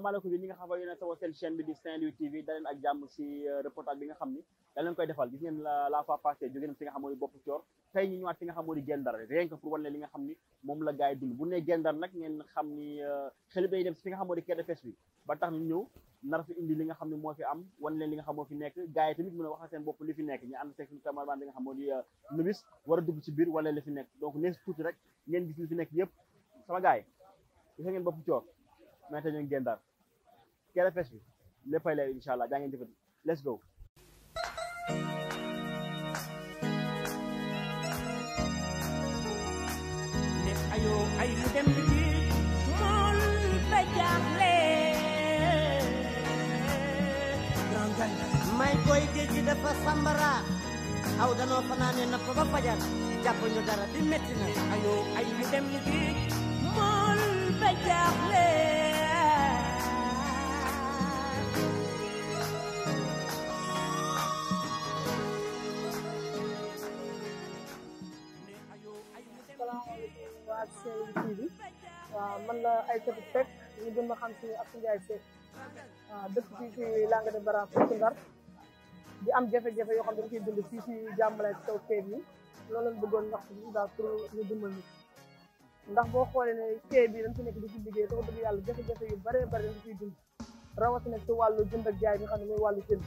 salaamaaleykum yéen ñi nga xam ne yéen a sawoo seen chaîne bi di Saint-Louis TV ak si eh, reportage bi nga xam ni dañ leen koy defal gis ngeen la la fois passée jóge nañ fi nga xam mooy bopp coor tey ñu fi nga xam di Gendar rien que pour wane li nga xam ni moom la gars bu ne Gendar nak ngeen xam xel eh, bi dem fi nga xam di bi ba tax ñu nar fi indi li nga xam ne fi am wan leen li nga xam moo fi nekk gars yi tamit mën a waxal seen bopp li fi nekk ñu ànd seeg suñu cameraman bi nga xam moo di Nobis war a dugg ci biir wala li fi donc rek ngeen gis li fi sama gis ngeen Gendar gerte fees bi léppay leer incha allah jaa ngeen jëfati let's go. ne ayoo may koy géej gi dafa sambara aw danoo fanaane napp ba fajar jàpp ñu dara di métti ayoo ay mu dem ay catu Seck ñu gën ma xam si ak Ndiaye Seck waaw ah, dëkk fii si Langue de Bara fii Ndar di am jafe-jafe yoo xam ne dañ koy dund fii si jàmbale kaw keeb yi loolu lañ bëggoon ndax si daal pour ñu dimbal ñu ndax boo xoolee ne keeb bi dañ fi nekk di ci liggéey dafa dëgg yàlla jafe-jafe yu bëree bëri dañ ciy dund rawatina si wàllu jënd ak jaay bi nga xam ne mooy wàllu jënd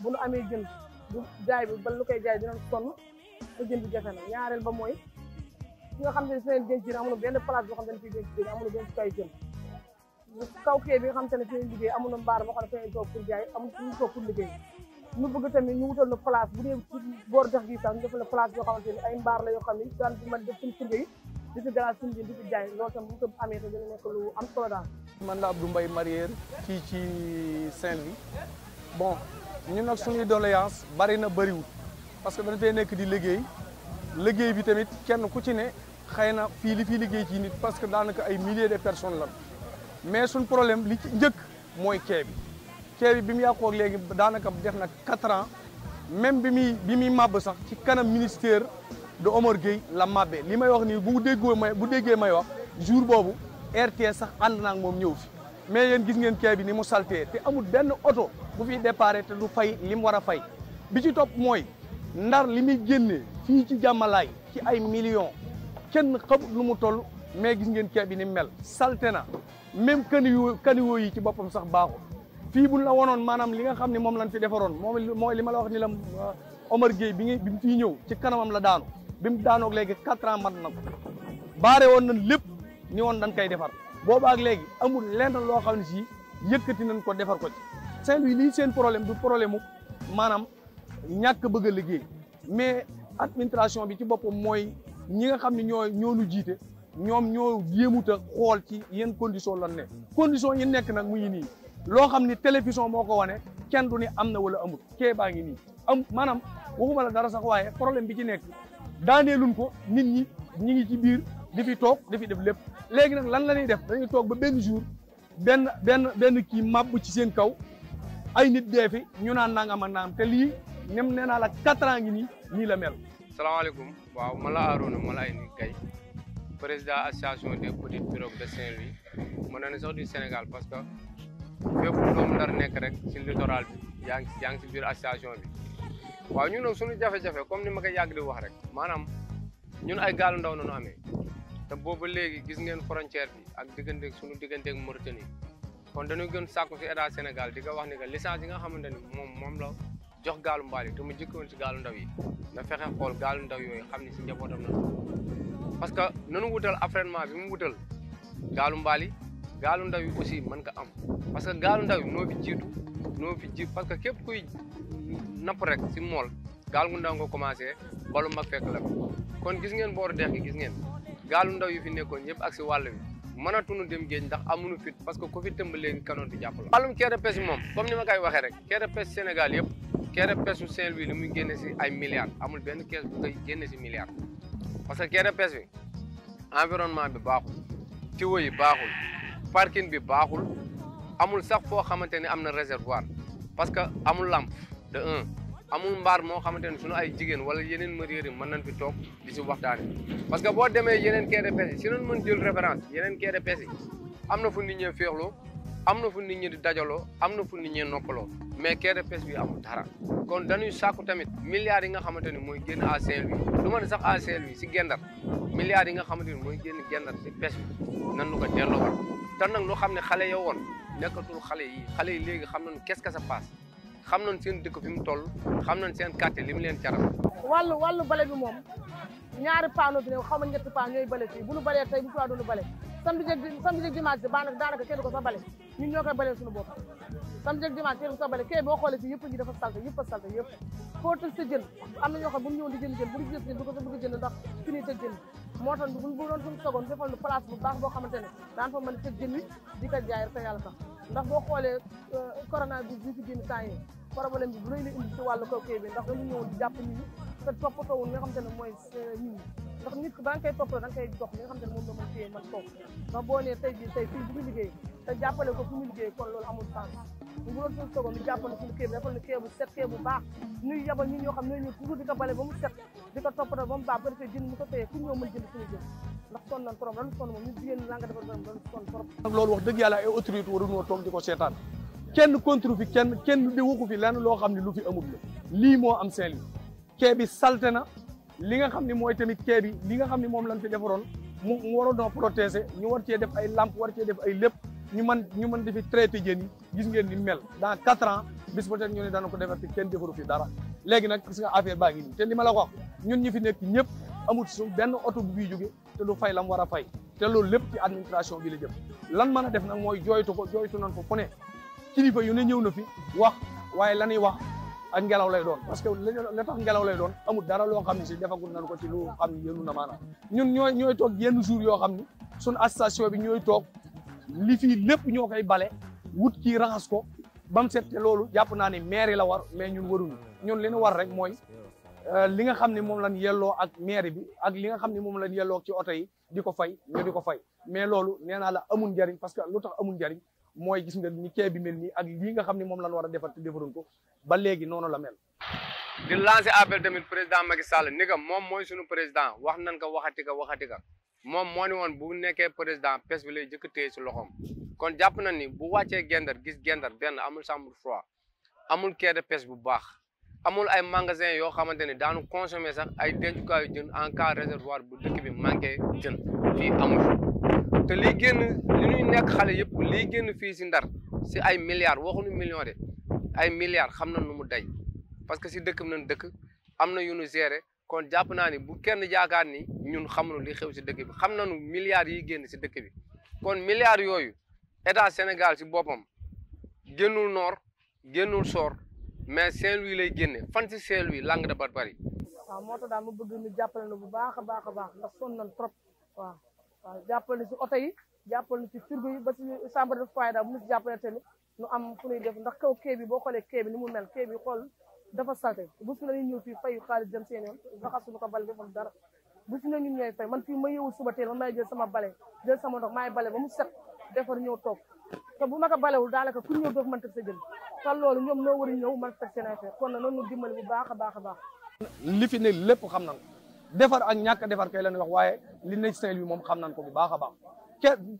bu nu amee jënd du jaay bi ba lu koy jaay dinañ sonn te jënd jafe na ñaareel ba mooy ñi nga xam ne su leen denc jën benn place boo xam ne fi denc jën amul benn kay jën kaw kee bi nga xam te ne jaay amul fi ñu toog pour liggéey bu dee boor dex gi sax ñu defal la place ne ay mbaar la yoo xam ne daan bi mën def suñu surga yi di si galaas suñu jën di si jaay loolu tam bu lu am solo daal man la Abdou Mbaye Marier fii ci saint bi bon ñun nag suñuy doléance bari na bëriwul parce que dañ fay nekk di liggéey liggéey bi tamit kenn ku ci ne xëy fi li fi liggéey ci nit parce que danaka ay milliers de personnes la mais sun problème li ci njëkk mooy quai bi quai bi bi mu yàqoo ak léegi daanaka def na 4 ans même bi muy bi muy màbb sax ci kanam ministère de Omar Gueye la màbbee li may wax nii bu déggoo may bu déggee may wax jour boobu RTS sax ànd naa ak moom ñëw fi mais yéen gis ngeen quai bi ni mu saltee te amul benn oto bu fi déparé te du fay li mu war a fay bi ci topp mooy ndar li muy génnee fii ci jàmmalaay ci ay millions kenn xamut lu mu toll mais gis ngeen ceeb bi ni mel salte na même kaniwo kaniwo yi ci boppam sax baaxu fii bu buñ la wonoon maanaam li nga xam ne moom lañ fi defaroon moom mooy li ma la wax ni la euh, Omar Gueye bi nga bi mu ñëw ci kanamam la daanu bi mu daanoog léegi quatre ans mat na ko baare woon nañ lépp ni woon dañ koy defar boobaak léegi amul leen loo xam ne si yëkkati nañ ko defar ko ci Saint-Louis lii seen problème du problème mu maanaam ñàkk bëgg a liggéey mais administration bi ci boppam mooy ñi nga xam ne ñoo ñoo nu jiite ñoom ñoo yéemut a xool ci yenn condition lan ne condition yi nekk nag mu ngi nii loo xam ni télévision moo ko wane kenn du ni am na wala amul kee baa ngi nii am maanaam waxuma la dara sax waaye problème bi ci nekk daaneeluñ ko nit ñi ñi ngi ci biir di fi toog di fi def lépp léegi nag lan la def dañuy toog ba benn jour benn benn benn kii màbb ci seen kaw ay nit dee ñu naan nangam ak nangam te lii nem nee naa la quatre ans ngi nii nii la mel salaamaaleykum waaw man la Arouna Malayni Gaye président association des petites pirogues de Saint-Louis mën na ne sax Sénégal parce que fépp doomu Ndar nekk rek si littoral bi yaa ngi yaa ngi si biir association bi waaw ñun nag suñu jafe-jafe comme ni ma koy yàgg di wax rek maanaam ñun ay gaalu ndaw nañu amee te boobu léegi gis ngeen frontière bi ak diggante suñu digganteeg Mauritanie kon dañu gën sàkku si état Sénégal di ko wax ni que licence nga xamante ni moom moom la jox gaalu mbaal yi te mu jëkkoon si gaalu ndaw yi na fexe xool gaalu ndaw yooyu xam ni si njabootam na parce que nanu wutal affrènement bi mu wutal gaalu mbaal yi gaalu ndaw yi aussi mën nga am parce que gaalu ndaw yi noo fi jiitu noo fi ji parce que képp kuy napp rek si mool gaal gu ndaw commencé balu mag fekk la kon gis ngeen booru dex gis ngeen gaalu ndaw yu fi nekkoon yëpp ak si wàll bi mënatuñu dem géej ndax amuñu fit parce que ku fi tëmb léegi kanoon di jàpp la wàllum quai de moom comme ni ma koy waxee rek quai de pêche Sénégal yëpp kere pesu Saint Louis li muy génne si ay milliards amul benn kees bu génne si milliards parce que kere pes bi bi baaxul tuyau yi baaxul parking bi baaxul amul sax foo xamante ni am na réservoir parce que amul lamp de un amul mbaar moo xamante ni suñu ay jigéen wala yeneen mariér yi mën nañ fi toog di si waxtaane parce que boo demee yeneen kere pes yi si noonu référence yeneen kere pes am na fu nit ñee féexloo am na fu nit di dajaloo am na fu nit ñi noppaloo mais quai de pêche bi amul dara kon dañuy sàkku tamit milliards yi nga xamante ni mooy génn à saint du ma ne sax à Saint-Louis si gendar milliards yi nga xamante ni mooy génn gendar si pêche bi nan nu ko delloo te nag loo xam ne xale ya woon nekkatul xale yi xale yi léegi xam nañu qu'est-ce que ça passe xam nañ seen dëkk fi mu toll xam nañ seen quartier li mu leen jaral wàllu wàllu bale bi moom ñaari paano bi ne xaw ñetti samedi ak samedi ak dimanche bi daanaka kenn du bale ñun ñoo koy bale kay boo xoolee ci yëpp ñi dafa salte yëpp a salte yëpp foo tëj sa jën am na ñoo xam bu ñu ñëwoon di jënd jën bu ñu jënd jën du ko sax bëgg jënd ndax fi ñuy tëj jën moo tax bu bu doon suñu sogoon defal place bu baax boo xamante ne daan fa mën a tëj jën di ko jaay rek yàlla sax ndax boo xoolee euh, corona bi bi fi génn temps yi problème bi bu lay la indi ci wàllu kaw ndax nit ku ba nga koy toppaloo da nga koy dox li nga xam ne moom la mën téye man toog ndax boo nee tey jii tey fii bu ñu liggéey te jàppale ko fu mu liggéey kon loolu amul sens bu doon suñu toogoon ñu jàppale suñu kër bi defal kër bu set kër bu baax ñuy yabal ñun ñoo xam ne ñu toujours di ko bale ba mu set di ko toppatoo ba mu baax ba defee jënd mu ko téye ku ñëw mën jënd suñu jënd ndax sonn nañ trop dañu sonn moom ñu jigéen la nga defal borom dañu sonn trop nag loolu wax dëgg yàlla ay autorité waruñoo toog di ko seetaan kenn contre fi kenn kenn di waxu fi lenn loo xam ne lu fi amul la lii moo am seen li kee bi salte na li nga xam ne mooy tamit kee bi li nga xam ne moom lañ fi defaroon mu mu waroon a protéger ñu war cee def ay lampe war cee def ay lépp ñu man ñu mën di traité jën gis ngeen ni mel dans quatre ans bis ba tey ñu ne dana ko defar fi kenn defaru fi dara léegi nag gis nga affaire baa ngi nii te li ma la wax ñun ñi fi nekk ñëpp amut su benn oto bu fiy jóge te du fay lam war a fay te loolu lépp ci administration bi la jëm lan mën a def nag mooy jooytu ko jooytu nan ko ku ne kilifa yu ne ñëw na fi wax waaye lanuy wax ak ngelaw lay doon parce que la tax ngelaw lay doon amul dara loo xam ne si defagul nañ ko ci lu xam ne yéenu na maanaam ñun ñooy ñooy toog yenn jour yoo xam ni suñ association bi ñooy toog li fii lépp ñoo koy bale wut kii raxas ko ba set te loolu jàpp naa ne mairie la war mais ñun waruñu ñun li ñu war rek mooy euh, li nga xam ne moom lañ yelloo ak mairie bi ak li nga xam ne moom lañ yelloo ci oto yi di ko fay ñu di ko fay mais loolu nee naa la amul njariñ parce que lu tax amul njariñ mooy gis nga ni kee bi mel nii ak lii nga xam ne moom lañ war a defar te defaroon ko ba léegi noonu la mel. di lancé appel tamit président Macky Sall ni ka moom mooy suñu président wax nañ ko waxati ka waxati ka moom moo ni woon bu nekkee président pes bi lay jëkk téye si loxom kon jàpp na ni bu wàccee gendar gis gendar benn amul chambre froide amul quai pes bu baax amul ay magasin yoo xamante ne daanu consommer sax ay dencukaayu jën en cas réservoir bu dëkk bi manqué jën fii amul te génn li ñuy nekk xale yëpp liy génn fii si ndar si ay milliards waxuñu millions de ay milliards xam na nu mu day parce que si dëkk bi nañ dëkk am na yu nu géré kon jàpp naa ni bu kenn jaakaar ni ñun xamuñu li xew si dëkk bi xam na nañu milliards yi génn si dëkk bi kon milliards yooyu état Sénégal si boppam génnul noor génnul soor mais Saint-Louis lay génne fan si Saint-Louis Langue de Barbarie. waaw moo tax daal bëgg ñu jàppale na bu baax baax baax ndax sonn waaw jàppale si oto yi jàppale si firgo yi ba si chambre de foyer daal mu si jàppale nu am fu ñuy def ndax kaw kee bi boo xoolee kee bi ni mu mel kee bi xool dafa salte bu si nañu ñëw fii fayu xaalis dem seen yoon raxasuñu ko bale defal dara bu si na ñun ñooy fay man fii ma yeewu suba teel man may jël sama bale jël sama ndox maay bale ba mu set defar ñëw toog te bu ma a balewul daanaka ku ñëw doof man teg sa jël te loolu ñoom noo war ñëw man teg seen affaire kon na noonu dimbali bu baax a baax a baax li fi ne lépp xam nañ defar ak ñàkk defar kay lañuy wax waaye li nekk Saint-Louis moom xam nañ ko bu baax a baax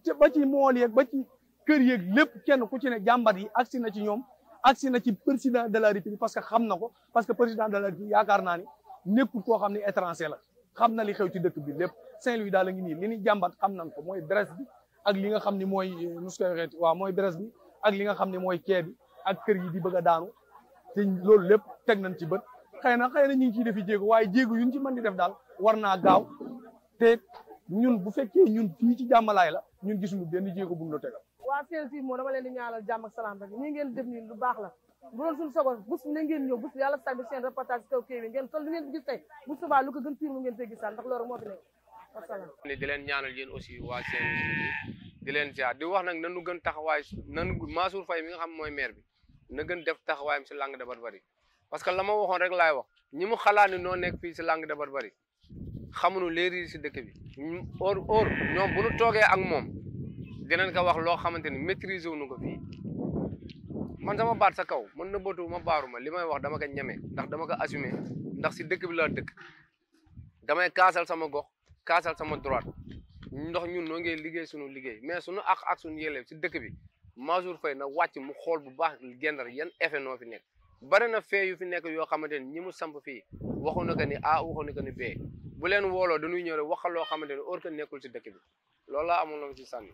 ke ba ci mool yeeg ba ci kër yeeg lépp kenn ku ci ne jàmbat yi agsi na ci ñoom agsi na ci président de la république parce que xam na ko parce que président de la république yaakaar naa ni nekkul koo xam ne étranger la xam na li xew ci dëkk bi lépp Saint-Louis daal la ngi nii li ñu jàmbat xam nañ ko mooy brèche bi ak li nga xam ni mooy euh, nu su mooy brèche bi ak li nga xam ne mooy quai bi ak kër yi di bëgg a daanu te loolu lépp teg nañ ci bët xëy na xëy na ñu ngi ciy defi jéego waaye jéego yuñ ci mën di def daal war naa gaaw te ñun bu fekkee ñun fii ci jàmmalaay la ñun nu benn jéego bu mu la tegal waa Sénégal moom dama leen di ñaanal jàmm ak salaam ñi ngeen def nii lu baax la bu doon suñu sogo bus na ngeen ñëw bus seen reportage ngeen sol li ngeen gis tey ko gën piir mu ngeen tey gisaal ndax loolu moo fi di leen ñaanal yéen aussi waa di leen ziar di wax nag nanu gën taxawaay nan Mansour Faye mi nga xam mooy maire bi na gën def taxawaayam si langue de Barbarie parce que lama ma waxoon rek laay wax ñi mu xalaat ni noo nekk fii si langue de barbarie xamuñu léeri si dëkk bi or or ñoom bu ñu toogee ak moom dinañ ko wax loo xamante ni maîtriser wuñu ko fii man sama baat sa kaw man nëbbatu ma baaru ma li may wax dama ko ñeme ndax dama ko assume ndax si dëkk bi laa dëkk damay kaasal sama gox kaasal sama droit ndox ñun noo ngi liggéey sunu liggéey mais sunu ak ak sunu yelleef si dëkk bi Mansour Faye na wàcc mu xool bu baax Guet yan effet noo fi nekk bari na fee yu fi nekk yoo xamante ni ñi mu samp fii waxu na ko ni A waxu na ko ni B bu leen wooloo dañuy ñëw rek waxal loo xamante ni or que nekkul si dëkk bi laa amoon lu ci sànni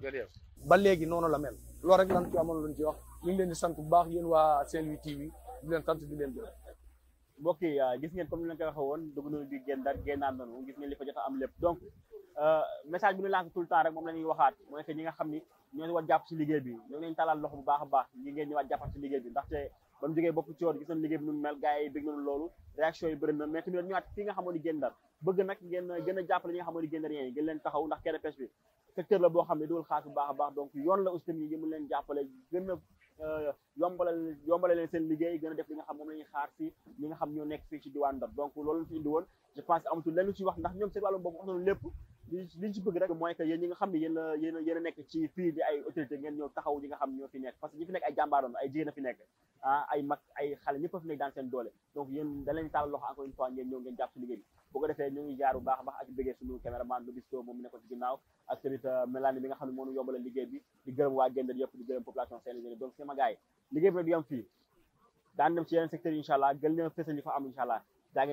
jërëjëf. ba léegi noonu la mel loolu rek lan ci wax ñu ngi leen di sant bu baax yéen waa Saint-Louis TV di leen sant di leen jël. mbokk yi ah, gis ngeen comme ni li fa jot am lépp donc euh, message bi ñu lancé tout le waxaat mooy que ñi nga xam ni ñoo war jàpp si liggéey bi ñoo ngi leen talal loxo bu baax a baax ñi ngeen ñëwaat jàppal si liggéey bi ndaxte ba mu jógee bopp ci woon gis nañ liggéey bi nu mel gars yi bëgg nañu loolu réaction yi bëri na mais tamit nga xamoon ni Guet bëgg nag ngeen a jàppale ñi xam ne dugal xaas bu baax a baax donc yoon la aussi tamit ñu mën leen jàppale gën a euh, yombalal leen seen liggéey gën a def li nga xam moom la ñuy xaar si ñi nga xam ñoo nekk fii ci diwaan Ndar donc loolu lañ fi indi woon je pense amatul lenn ci wax ndax ñoom seen wàllum bopp wax nañu lépp liñ ci bëgg rek mooy que yéen nga xam ne yéen la yéen nekk ci fii di ay autorité ngeen ñëw taxaw nga xam ñoo fi nekk parce que ñi fi nekk ay jàmbaaroon ay jigéen fi nekk ah, ay mag ay xale ñëpp a fi liggéey bi boo ko defee ñu ngi jaar bu baax baax ak bëggee suñu caméraman lu gis ko moom nekkoon ci ginnaaw ak tamit euh, Mélanie bi nga xam ne moonu yombala liggéey bi di gërëm waa Guet Ndar di gërëm population Sénégal liggéey bi nag du yam fii daan dem ci yeneen secteur yi incha allah gën leen fësal